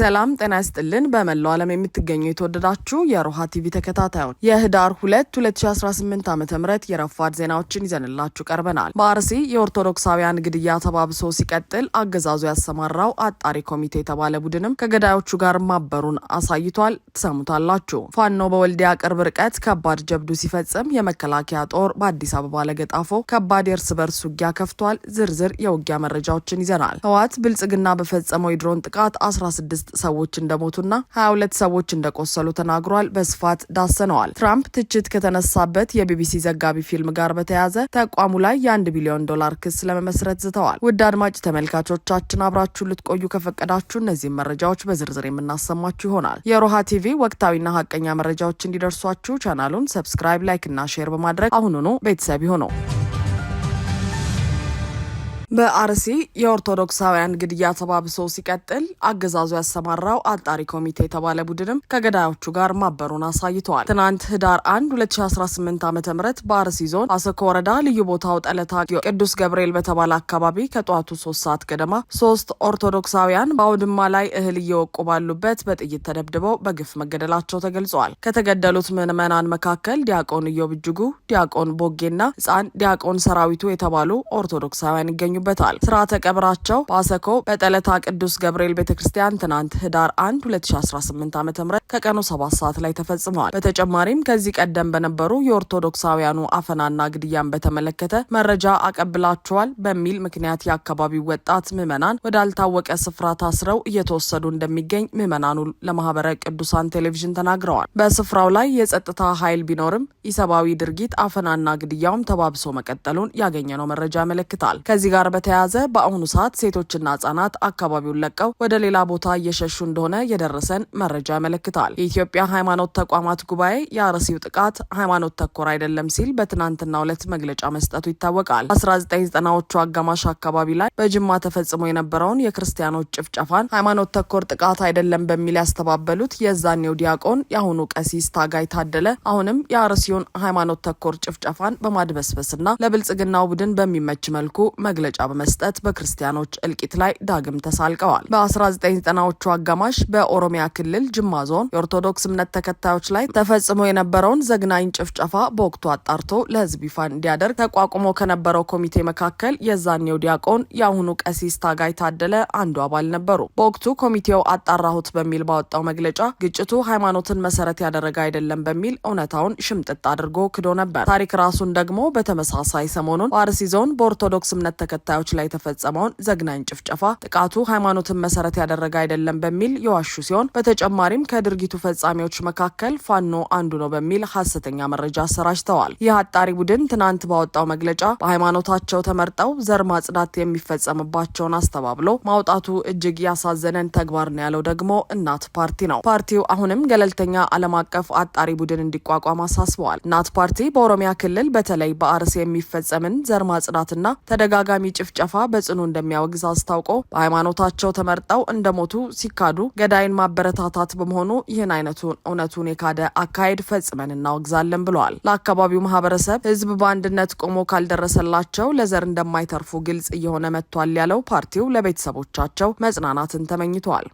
ሰላም ጤና ይስጥልን። በመላው ዓለም የምትገኙ የተወደዳችሁ የሮሃ ቲቪ ተከታታዮች የህዳር ሁለት 2018 ዓ ም የረፋድ ዜናዎችን ይዘንላችሁ ቀርበናል። በአርሲ የኦርቶዶክሳውያን ግድያ ተባብሶ ሲቀጥል አገዛዙ ያሰማራው አጣሪ ኮሚቴ የተባለ ቡድንም ከገዳዮቹ ጋር ማበሩን አሳይቷል። ትሰሙታላችሁ። ፋኖ በወልዲያ ቅርብ ርቀት ከባድ ጀብዱ ሲፈጽም የመከላከያ ጦር በአዲስ አበባ ለገጣፎ ከባድ የእርስ በርስ ውጊያ ከፍቷል። ዝርዝር የውጊያ መረጃዎችን ይዘናል። ህወሓት ብልጽግና በፈጸመው የድሮን ጥቃት 16 አምስት ሰዎች እንደሞቱና ሀያ ሁለት ሰዎች እንደቆሰሉ ተናግሯል። በስፋት ዳሰነዋል። ትራምፕ ትችት ከተነሳበት የቢቢሲ ዘጋቢ ፊልም ጋር በተያያዘ ተቋሙ ላይ የአንድ ቢሊዮን ዶላር ክስ ለመመስረት ዝተዋል። ውድ አድማጭ ተመልካቾቻችን አብራችሁ ልትቆዩ ከፈቀዳችሁ እነዚህን መረጃዎች በዝርዝር የምናሰማችሁ ይሆናል። የሮሃ ቲቪ ወቅታዊና ሀቀኛ መረጃዎች እንዲደርሷችሁ ቻናሉን ሰብስክራይብ፣ ላይክ እና ሼር በማድረግ አሁኑኑ ቤተሰብ ይሁኑ። በአርሲ የኦርቶዶክሳውያን ግድያ ተባብሶ ሲቀጥል አገዛዙ ያሰማራው አጣሪ ኮሚቴ የተባለ ቡድንም ከገዳዮቹ ጋር ማበሩን አሳይተዋል። ትናንት ህዳር 1 2018 ዓ ም በአርሲ ዞን አሰኮ ወረዳ ልዩ ቦታው ጠለታ ቅዱስ ገብርኤል በተባለ አካባቢ ከጠዋቱ ሶስት ሰዓት ገደማ ሶስት ኦርቶዶክሳውያን በአውድማ ላይ እህል እየወቁ ባሉበት በጥይት ተደብድበው በግፍ መገደላቸው ተገልጸዋል። ከተገደሉት ምዕመናን መካከል ዲያቆን እዮብ እጅጉ፣ ዲያቆን ቦጌና ህፃን ዲያቆን ሰራዊቱ የተባሉ ኦርቶዶክሳውያን ይገኙ ይገኙበታል። ስርዓተ ቀብራቸው በአሰኮ በጠለታ ቅዱስ ገብርኤል ቤተክርስቲያን ትናንት ህዳር 1 2018 ዓ ም ከቀኑ ሰባት ሰዓት ላይ ተፈጽመዋል። በተጨማሪም ከዚህ ቀደም በነበሩ የኦርቶዶክሳውያኑ አፈናና ግድያን በተመለከተ መረጃ አቀብላቸዋል በሚል ምክንያት የአካባቢው ወጣት ምዕመናን ወዳልታወቀ ስፍራ ታስረው እየተወሰዱ እንደሚገኝ ምዕመናኑ ለማህበረ ቅዱሳን ቴሌቪዥን ተናግረዋል። በስፍራው ላይ የጸጥታ ኃይል ቢኖርም ኢሰብአዊ ድርጊት አፈናና ግድያውም ተባብሶ መቀጠሉን ያገኘነው መረጃ ያመለክታል። ከዚህ ጋር በተያያዘ በአሁኑ ሰዓት ሴቶችና ህጻናት አካባቢውን ለቀው ወደ ሌላ ቦታ እየሸሹ እንደሆነ የደረሰን መረጃ ያመለክታል። ተችተውታል። የኢትዮጵያ ሃይማኖት ተቋማት ጉባኤ የአርሲው ጥቃት ሃይማኖት ተኮር አይደለም ሲል በትናንትናው ዕለት መግለጫ መስጠቱ ይታወቃል። 1990ዎቹ አጋማሽ አካባቢ ላይ በጅማ ተፈጽሞ የነበረውን የክርስቲያኖች ጭፍጨፋን ሃይማኖት ተኮር ጥቃት አይደለም በሚል ያስተባበሉት የዛኔው ዲያቆን የአሁኑ ቀሲስ ታጋይ ታደለ አሁንም የአርሲውን ሃይማኖት ተኮር ጭፍጨፋን በማድበስበስና ለብልጽግናው ቡድን በሚመች መልኩ መግለጫ በመስጠት በክርስቲያኖች እልቂት ላይ ዳግም ተሳልቀዋል። በ1990ዎቹ አጋማሽ በኦሮሚያ ክልል ጅማ ዞን የኦርቶዶክስ እምነት ተከታዮች ላይ ተፈጽሞ የነበረውን ዘግናኝ ጭፍጨፋ በወቅቱ አጣርቶ ለህዝብ ይፋ እንዲያደርግ ተቋቁሞ ከነበረው ኮሚቴ መካከል የዛኔው ዲያቆን የአሁኑ ቀሲስ ታጋይ ታደለ አንዱ አባል ነበሩ። በወቅቱ ኮሚቴው አጣራሁት በሚል ባወጣው መግለጫ ግጭቱ ሃይማኖትን መሰረት ያደረገ አይደለም በሚል እውነታውን ሽምጥጥ አድርጎ ክዶ ነበር። ታሪክ ራሱን ደግሞ በተመሳሳይ ሰሞኑን በአርሲ ዞን በኦርቶዶክስ እምነት ተከታዮች ላይ የተፈጸመውን ዘግናኝ ጭፍጨፋ ጥቃቱ ሃይማኖትን መሰረት ያደረገ አይደለም በሚል የዋሹ ሲሆን በተጨማሪም ከድር ድርጊቱ ፈጻሚዎች መካከል ፋኖ አንዱ ነው በሚል ሀሰተኛ መረጃ አሰራጭተዋል። ይህ አጣሪ ቡድን ትናንት ባወጣው መግለጫ በሃይማኖታቸው ተመርጠው ዘር ማጽዳት የሚፈጸምባቸውን አስተባብሎ ማውጣቱ እጅግ ያሳዘነን ተግባር ነው ያለው ደግሞ እናት ፓርቲ ነው። ፓርቲው አሁንም ገለልተኛ ዓለም አቀፍ አጣሪ ቡድን እንዲቋቋም አሳስበዋል። እናት ፓርቲ በኦሮሚያ ክልል በተለይ በአርሲ የሚፈጸምን ዘር ማጽዳትና ተደጋጋሚ ጭፍጨፋ በጽኑ እንደሚያወግዝ አስታውቆ በሃይማኖታቸው ተመርጠው እንደሞቱ ሲካዱ ገዳይን ማበረታታት በመሆኑ ይህን አይነቱን እውነቱን የካደ አካሄድ ፈጽመን እናወግዛለን ብለዋል። ለአካባቢው ማህበረሰብ ህዝብ በአንድነት ቆሞ ካልደረሰላቸው ለዘር እንደማይተርፉ ግልጽ እየሆነ መጥቷል ያለው ፓርቲው ለቤተሰቦቻቸው መጽናናትን ተመኝተዋል።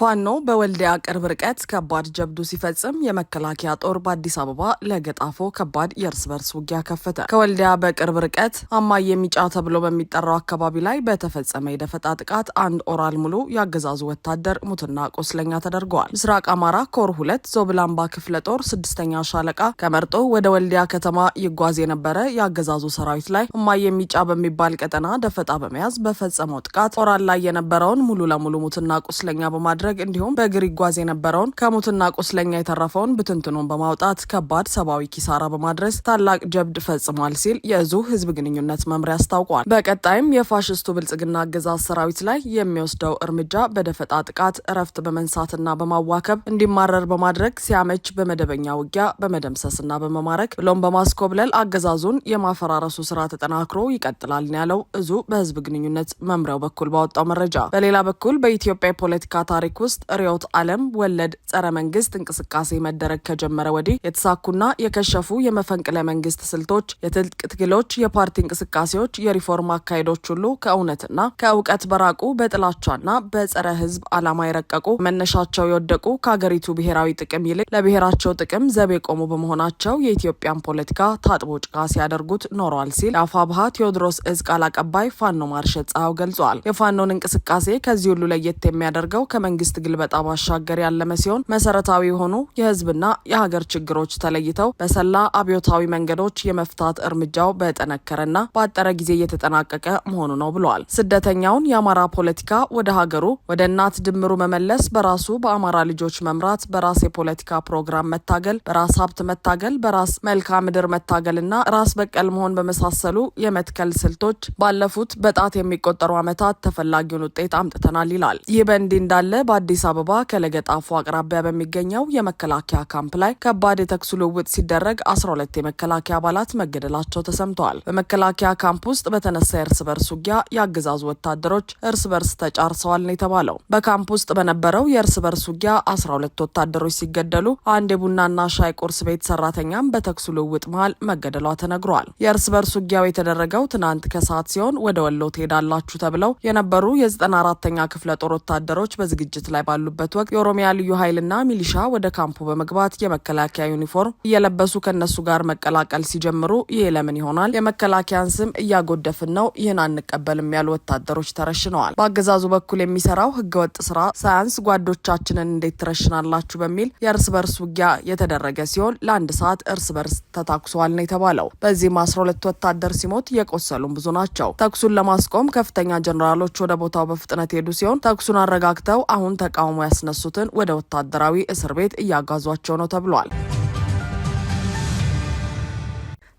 ፋኖ በወልዲያ ቅርብ ርቀት ከባድ ጀብዱ ሲፈጽም የመከላከያ ጦር በአዲስ አበባ ለገጣፎ ከባድ የእርስ በርስ ውጊያ ከፈተ። ከወልዲያ በቅርብ ርቀት አማ የሚጫ ተብሎ በሚጠራው አካባቢ ላይ በተፈጸመ የደፈጣ ጥቃት አንድ ኦራል ሙሉ የአገዛዙ ወታደር ሙትና ቆስለኛ ተደርገዋል። ምስራቅ አማራ ኮር ሁለት ዞብላምባ ክፍለ ጦር ስድስተኛ ሻለቃ ከመርጦ ወደ ወልዲያ ከተማ ይጓዝ የነበረ የአገዛዙ ሰራዊት ላይ አማ የሚጫ በሚባል ቀጠና ደፈጣ በመያዝ በፈጸመው ጥቃት ኦራል ላይ የነበረውን ሙሉ ለሙሉ ሙትና ቁስለኛ በማድረግ በማድረግ እንዲሁም በእግር ይጓዝ የነበረውን ከሞትና ቁስለኛ የተረፈውን ብትንትኑን በማውጣት ከባድ ሰብአዊ ኪሳራ በማድረስ ታላቅ ጀብድ ፈጽሟል ሲል የእዙ ህዝብ ግንኙነት መምሪያ አስታውቋል። በቀጣይም የፋሽስቱ ብልጽግና አገዛዝ ሰራዊት ላይ የሚወስደው እርምጃ በደፈጣ ጥቃት፣ እረፍት በመንሳትና በማዋከብ እንዲማረር በማድረግ ሲያመች በመደበኛ ውጊያ በመደምሰስና በመማረክ ብሎም በማስኮብለል አገዛዙን የማፈራረሱ ስራ ተጠናክሮ ይቀጥላል ያለው እዙ በህዝብ ግንኙነት መምሪያው በኩል ባወጣው መረጃ በሌላ በኩል በኢትዮጵያ የፖለቲካ ታሪክ ውስጥ ርዕዮተ ዓለም ወለድ ጸረ መንግስት እንቅስቃሴ መደረግ ከጀመረ ወዲህ የተሳኩና የከሸፉ የመፈንቅለ መንግስት ስልቶች፣ የትጥቅ ትግሎች፣ የፓርቲ እንቅስቃሴዎች፣ የሪፎርም አካሄዶች ሁሉ ከእውነትና ከእውቀት በራቁ በጥላቻና በጸረ ህዝብ ዓላማ የረቀቁ መነሻቸው የወደቁ ከሀገሪቱ ብሔራዊ ጥቅም ይልቅ ለብሔራቸው ጥቅም ዘብ የቆሙ በመሆናቸው የኢትዮጵያን ፖለቲካ ታጥቦ ጭቃ ሲያደርጉት ኖረዋል ሲል የአፋብኃ ቴዎድሮስ እዝ ቃል አቀባይ ፋኖ ማርሸት ጸሐው ገልጿል። የፋኖን እንቅስቃሴ ከዚህ ሁሉ ለየት የሚያደርገው ከመንግስት መንግስት ግልበጣ ባሻገር ያለመ ሲሆን መሰረታዊ የሆኑ የህዝብና የሀገር ችግሮች ተለይተው በሰላ አብዮታዊ መንገዶች የመፍታት እርምጃው በጠነከረና በአጠረ ጊዜ እየተጠናቀቀ መሆኑ ነው ብለዋል። ስደተኛውን የአማራ ፖለቲካ ወደ ሀገሩ ወደ እናት ድምሩ መመለስ በራሱ በአማራ ልጆች መምራት፣ በራስ የፖለቲካ ፕሮግራም መታገል፣ በራስ ሀብት መታገል፣ በራስ መልክዓ ምድር መታገልና ራስ በቀል መሆን በመሳሰሉ የመትከል ስልቶች ባለፉት በጣት የሚቆጠሩ ዓመታት ተፈላጊውን ውጤት አምጥተናል ይላል። ይህ በእንዲህ እንዳለ በአዲስ አበባ ከለገጣፎ አቅራቢያ በሚገኘው የመከላከያ ካምፕ ላይ ከባድ የተኩስ ልውውጥ ሲደረግ 12 የመከላከያ አባላት መገደላቸው ተሰምተዋል። በመከላከያ ካምፕ ውስጥ በተነሳ የእርስ በርስ ውጊያ የአገዛዙ ወታደሮች እርስ በርስ ተጫርሰዋል ነው የተባለው። በካምፕ ውስጥ በነበረው የእርስ በርስ ውጊያ 12 ወታደሮች ሲገደሉ አንድ የቡናና ሻይ ቁርስ ቤት ሰራተኛም በተኩስ ልውውጥ መሀል መገደሏ ተነግሯል። የእርስ በርስ ውጊያው የተደረገው ትናንት ከሰዓት ሲሆን ወደ ወሎ ትሄዳላችሁ ተብለው የነበሩ የ94ኛ ክፍለ ጦር ወታደሮች በዝግጅት ዝግጅት ላይ ባሉበት ወቅት የኦሮሚያ ልዩ ኃይልና ሚሊሻ ወደ ካምፑ በመግባት የመከላከያ ዩኒፎርም እየለበሱ ከነሱ ጋር መቀላቀል ሲጀምሩ ይሄ ለምን ይሆናል? የመከላከያን ስም እያጎደፍን ነው፣ ይህን አንቀበልም ያሉ ወታደሮች ተረሽነዋል። በአገዛዙ በኩል የሚሰራው ህገወጥ ስራ ሳያንስ ጓዶቻችንን እንዴት ትረሽናላችሁ በሚል የእርስ በርስ ውጊያ የተደረገ ሲሆን ለአንድ ሰዓት እርስ በርስ ተታኩሰዋል ነው የተባለው። በዚህም አስራ ሁለት ወታደር ሲሞት የቆሰሉም ብዙ ናቸው። ተኩሱን ለማስቆም ከፍተኛ ጀኔራሎች ወደ ቦታው በፍጥነት ሄዱ ሲሆን ተኩሱን አረጋግተው አሁን አሁን ተቃውሞ ያስነሱትን ወደ ወታደራዊ እስር ቤት እያጓዟቸው ነው ተብሏል።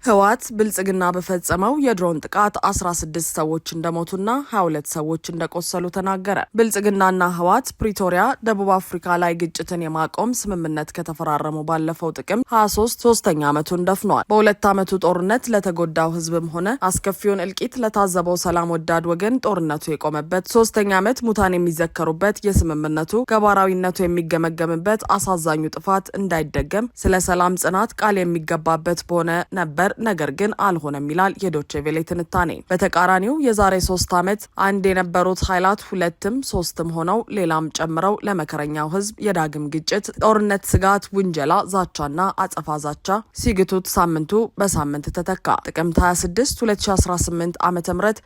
ህወሓት ብልጽግና በፈጸመው የድሮን ጥቃት 16 ሰዎች እንደሞቱና 22 ሰዎች እንደቆሰሉ ተናገረ። ብልጽግናና ህወሓት ፕሪቶሪያ ደቡብ አፍሪካ ላይ ግጭትን የማቆም ስምምነት ከተፈራረሙ ባለፈው ጥቅም 23 ሶስተኛ ዓመቱን ደፍኗል። በሁለት ዓመቱ ጦርነት ለተጎዳው ህዝብም ሆነ አስከፊውን እልቂት ለታዘበው ሰላም ወዳድ ወገን ጦርነቱ የቆመበት ሶስተኛ ዓመት ሙታን የሚዘከሩበት የስምምነቱ ገባራዊነቱ የሚገመገምበት አሳዛኙ ጥፋት እንዳይደገም ስለ ሰላም ጽናት ቃል የሚገባበት በሆነ ነበር ነበር፣ ነገር ግን አልሆነም ይላል የዶቼ ቬሌ ትንታኔ። በተቃራኒው የዛሬ ሶስት ዓመት አንድ የነበሩት ኃይላት ሁለትም ሶስትም ሆነው ሌላም ጨምረው ለመከረኛው ህዝብ የዳግም ግጭት፣ ጦርነት ስጋት፣ ውንጀላ፣ ዛቻና አጸፋ ዛቻ ሲግቱት ሳምንቱ በሳምንት ተተካ። ጥቅምት 26 2018 ዓ ም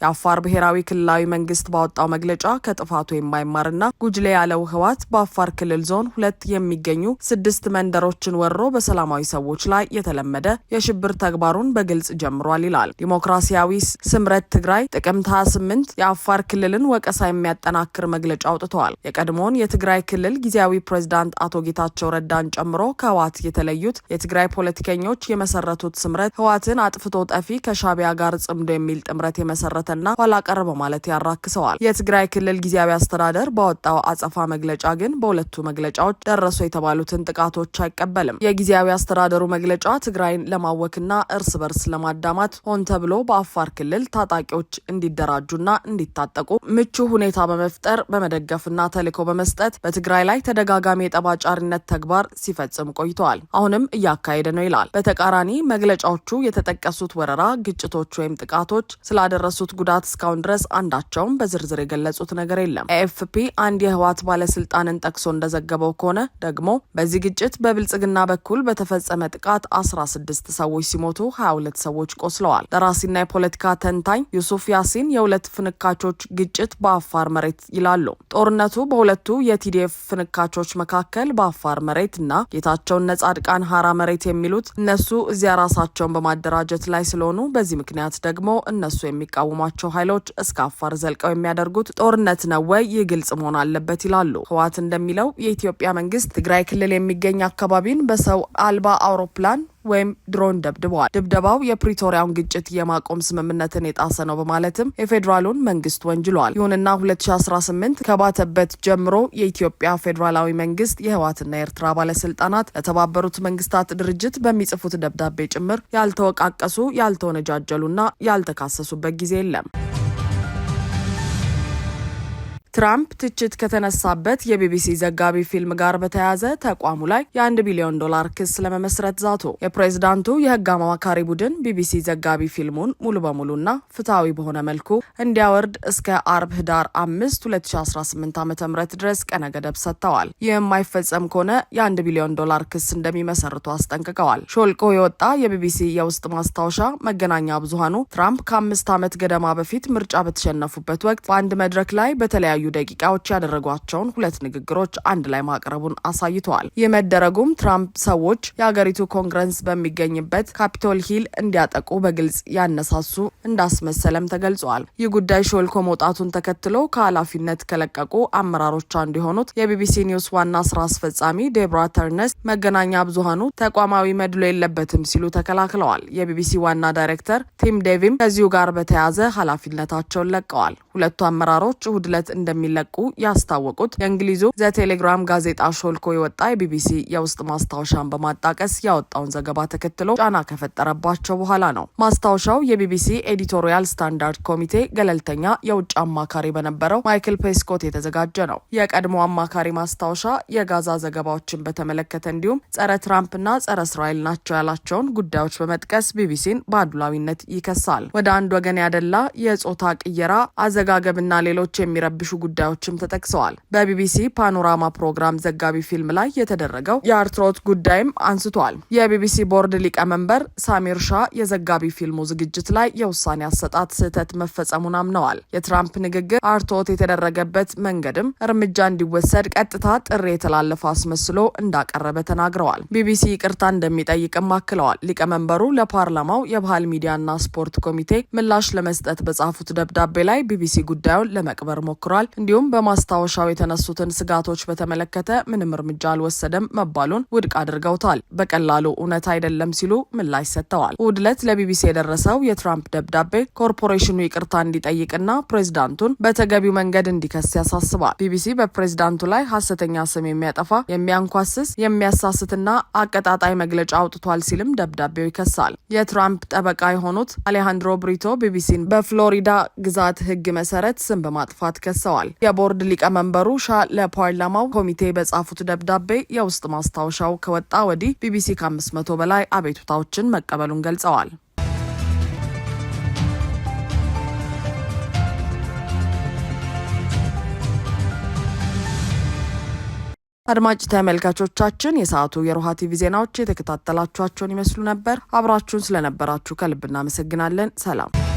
የአፋር ብሔራዊ ክልላዊ መንግስት ባወጣው መግለጫ ከጥፋቱ የማይማርና ጉጅሌ ያለው ህወሓት በአፋር ክልል ዞን ሁለት የሚገኙ ስድስት መንደሮችን ወሮ በሰላማዊ ሰዎች ላይ የተለመደ የሽብር ተግባሩ መጀመሩን በግልጽ ጀምሯል ይላል። ዲሞክራሲያዊ ስምረት ትግራይ ጥቅምት 28 የአፋር ክልልን ወቀሳ የሚያጠናክር መግለጫ አውጥተዋል። የቀድሞውን የትግራይ ክልል ጊዜያዊ ፕሬዝዳንት አቶ ጌታቸው ረዳን ጨምሮ ከህወሓት የተለዩት የትግራይ ፖለቲከኞች የመሰረቱት ስምረት ህወሓትን አጥፍቶ ጠፊ ከሻቢያ ጋር ጽምዶ የሚል ጥምረት የመሰረተና ኋላ ቀር በማለት ያራክሰዋል። የትግራይ ክልል ጊዜያዊ አስተዳደር ባወጣው አጸፋ መግለጫ ግን በሁለቱ መግለጫዎች ደረሱ የተባሉትን ጥቃቶች አይቀበልም። የጊዜያዊ አስተዳደሩ መግለጫ ትግራይን ለማወክና እርስ እርስ በርስ ለማዳማት ሆን ተብሎ በአፋር ክልል ታጣቂዎች እንዲደራጁና እንዲታጠቁ ምቹ ሁኔታ በመፍጠር በመደገፍና ተልዕኮ በመስጠት በትግራይ ላይ ተደጋጋሚ የጠባጫሪነት ተግባር ሲፈጽም ቆይተዋል። አሁንም እያካሄደ ነው ይላል። በተቃራኒ መግለጫዎቹ የተጠቀሱት ወረራ፣ ግጭቶች ወይም ጥቃቶች ስላደረሱት ጉዳት እስካሁን ድረስ አንዳቸውም በዝርዝር የገለጹት ነገር የለም። ኤኤፍፒ አንድ የህወሓት ባለስልጣንን ጠቅሶ እንደዘገበው ከሆነ ደግሞ በዚህ ግጭት በብልጽግና በኩል በተፈጸመ ጥቃት 16 ሰዎች ሲሞቱ 22 ሰዎች ቆስለዋል። ደራሲና የፖለቲካ ተንታኝ ዩሱፍ ያሲን የሁለት ፍንካቾች ግጭት በአፋር መሬት ይላሉ። ጦርነቱ በሁለቱ የቲዲኤፍ ፍንካቾች መካከል በአፋር መሬት እና ጌታቸውን ነጻድቃን ሀራ መሬት የሚሉት እነሱ እዚያ ራሳቸውን በማደራጀት ላይ ስለሆኑ በዚህ ምክንያት ደግሞ እነሱ የሚቃወሟቸው ኃይሎች እስከ አፋር ዘልቀው የሚያደርጉት ጦርነት ነው ወይ? ይህ ግልጽ መሆን አለበት ይላሉ። ህወሓት እንደሚለው የኢትዮጵያ መንግስት ትግራይ ክልል የሚገኝ አካባቢን በሰው አልባ አውሮፕላን ወይም ድሮን ደብድበዋል። ድብደባው የፕሪቶሪያውን ግጭት የማቆም ስምምነትን የጣሰ ነው በማለትም የፌዴራሉን መንግስት ወንጅሏል። ይሁንና 2018 ከባተበት ጀምሮ የኢትዮጵያ ፌዴራላዊ መንግስት የህወሓትና የኤርትራ ባለስልጣናት ለተባበሩት መንግስታት ድርጅት በሚጽፉት ደብዳቤ ጭምር ያልተወቃቀሱ ያልተወነጃጀሉና ያልተካሰሱበት ጊዜ የለም። ትራምፕ ትችት ከተነሳበት የቢቢሲ ዘጋቢ ፊልም ጋር በተያያዘ ተቋሙ ላይ የአንድ ቢሊዮን ዶላር ክስ ለመመስረት ዛቱ። የፕሬዝዳንቱ የህግ አማካሪ ቡድን ቢቢሲ ዘጋቢ ፊልሙን ሙሉ በሙሉና ፍትሐዊ በሆነ መልኩ እንዲያወርድ እስከ አርብ ህዳር አምስት 2018 ዓ ም ድረስ ቀነ ገደብ ሰጥተዋል። ይህ የማይፈጸም ከሆነ የአንድ ቢሊዮን ዶላር ክስ እንደሚመሰርቱ አስጠንቅቀዋል። ሾልቆ የወጣ የቢቢሲ የውስጥ ማስታወሻ መገናኛ ብዙሃኑ ትራምፕ ከአምስት ዓመት ገደማ በፊት ምርጫ በተሸነፉበት ወቅት በአንድ መድረክ ላይ በተለያዩ በተለያዩ ደቂቃዎች ያደረጓቸውን ሁለት ንግግሮች አንድ ላይ ማቅረቡን አሳይተዋል። የመደረጉም ትራምፕ ሰዎች የአገሪቱ ኮንግረስ በሚገኝበት ካፒቶል ሂል እንዲያጠቁ በግልጽ ያነሳሱ እንዳስመሰለም ተገልጿል። ይህ ጉዳይ ሾልኮ መውጣቱን ተከትሎ ከኃላፊነት ከለቀቁ አመራሮች አንዱ የሆኑት የቢቢሲ ኒውስ ዋና ስራ አስፈጻሚ ዴብራ ተርነስ መገናኛ ብዙሀኑ ተቋማዊ መድሎ የለበትም ሲሉ ተከላክለዋል። የቢቢሲ ዋና ዳይሬክተር ቲም ዴቪም ከዚሁ ጋር በተያያዘ ኃላፊነታቸውን ለቀዋል። ሁለቱ አመራሮች እሁድ ዕለት እንደ እንደሚለቁ ያስታወቁት የእንግሊዙ ዘቴሌግራም ጋዜጣ ሾልኮ የወጣ የቢቢሲ የውስጥ ማስታወሻን በማጣቀስ ያወጣውን ዘገባ ተከትሎ ጫና ከፈጠረባቸው በኋላ ነው። ማስታወሻው የቢቢሲ ኤዲቶሪያል ስታንዳርድ ኮሚቴ ገለልተኛ የውጭ አማካሪ በነበረው ማይክል ፔስኮት የተዘጋጀ ነው። የቀድሞ አማካሪ ማስታወሻ የጋዛ ዘገባዎችን በተመለከተ እንዲሁም ጸረ ትራምፕና ጸረ እስራኤል ናቸው ያላቸውን ጉዳዮች በመጥቀስ ቢቢሲን በአድሏዊነት ይከሳል። ወደ አንድ ወገን ያደላ የጾታ ቅየራ አዘጋገብና ሌሎች የሚረብሹ ጉዳዮችም ተጠቅሰዋል። በቢቢሲ ፓኖራማ ፕሮግራም ዘጋቢ ፊልም ላይ የተደረገው የአርትሮት ጉዳይም አንስቷል። የቢቢሲ ቦርድ ሊቀመንበር ሳሚር ሻ የዘጋቢ ፊልሙ ዝግጅት ላይ የውሳኔ አሰጣት ስህተት መፈጸሙን አምነዋል። የትራምፕ ንግግር አርትሮት የተደረገበት መንገድም እርምጃ እንዲወሰድ ቀጥታ ጥሪ የተላለፈ አስመስሎ እንዳቀረበ ተናግረዋል። ቢቢሲ ይቅርታ እንደሚጠይቅም አክለዋል። ሊቀመንበሩ ለፓርላማው የባህል ሚዲያና ስፖርት ኮሚቴ ምላሽ ለመስጠት በጻፉት ደብዳቤ ላይ ቢቢሲ ጉዳዩን ለመቅበር ሞክሯል። ተናግረዋል። እንዲሁም በማስታወሻው የተነሱትን ስጋቶች በተመለከተ ምንም እርምጃ አልወሰደም መባሉን ውድቅ አድርገውታል። በቀላሉ እውነት አይደለም ሲሉ ምላሽ ሰጥተዋል። እሁድ ዕለት ለቢቢሲ የደረሰው የትራምፕ ደብዳቤ ኮርፖሬሽኑ ይቅርታ እንዲጠይቅና ፕሬዚዳንቱን በተገቢው መንገድ እንዲከስ ያሳስባል። ቢቢሲ በፕሬዚዳንቱ ላይ ሀሰተኛ ስም የሚያጠፋ የሚያንኳስስ፣ የሚያሳስትና አቀጣጣይ መግለጫ አውጥቷል ሲልም ደብዳቤው ይከሳል። የትራምፕ ጠበቃ የሆኑት አሌሃንድሮ ብሪቶ ቢቢሲን በፍሎሪዳ ግዛት ህግ መሰረት ስም በማጥፋት ከሰዋል። ተናግረዋል። የቦርድ ሊቀመንበሩ ሻ ለፓርላማው ኮሚቴ በጻፉት ደብዳቤ የውስጥ ማስታወሻው ከወጣ ወዲህ ቢቢሲ ከአምስት መቶ በላይ አቤቱታዎችን መቀበሉን ገልጸዋል። አድማጭ ተመልካቾቻችን የሰዓቱ የሮሃ ቲቪ ዜናዎች የተከታተላችኋቸውን ይመስሉ ነበር። አብራችሁን ስለነበራችሁ ከልብ እናመሰግናለን። ሰላም